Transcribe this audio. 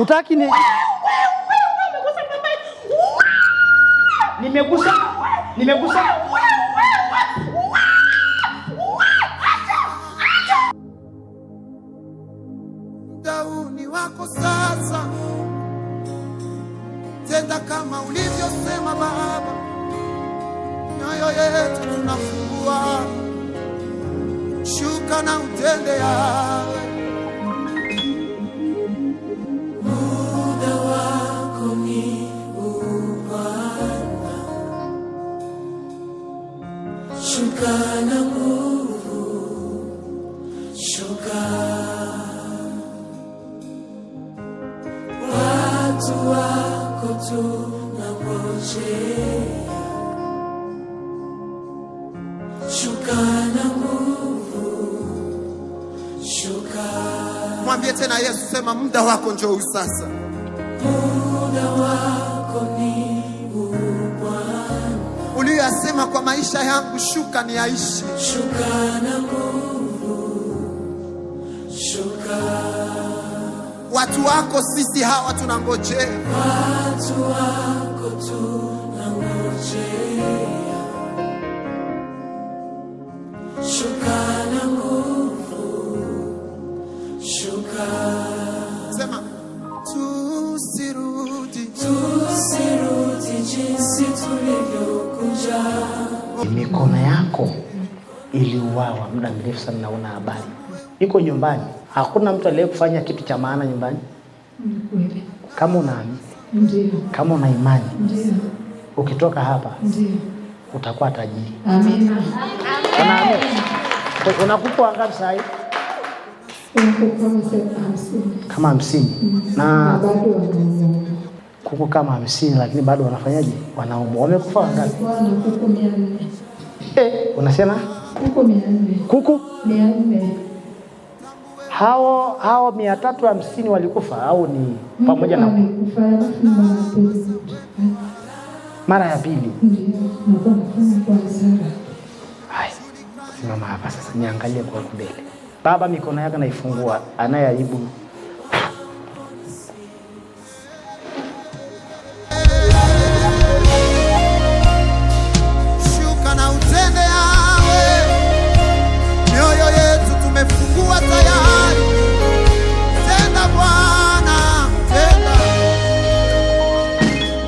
Utaki ni nimegusa, nimegusa. Dauni wako sasa, tenda kama ulivyosema Baba, nyoyo yetu tunafungua, shuka na utende yawe Shuka na nguvu, shuka. Watu wako tunangojea. Shuka na nguvu, shuka. Mwambie tena Yesu, sema muda wako njoo sasa. Anasema kwa maisha yangu shuka ni aishi. Shuka na nguvu, shuka. Watu wako sisi hawa tunangojea, watu wako tunangojea. Shuka na nguvu, shuka mikono yako iliuawa muda mrefu sana, naona habari iko nyumbani. Hakuna mtu aliyekufanya kitu cha maana nyumbani. Kama una kama una imani, ukitoka hapa utakuwa tajiri. Unakupa wangapi sasa hivi? Kama hamsini mm. na kuku kama hamsini, lakini bado wanafanyaje? Wanaumwa. Wamekufa wangapi? kuku mia Eh, unasema kuku Hao hao mia tatu hamsini walikufa au ni pamoja na mara ya pili? Hai, simama hapa sasa, niangalie kwa mbele. Baba, mikono yako naifungua, anayeaibu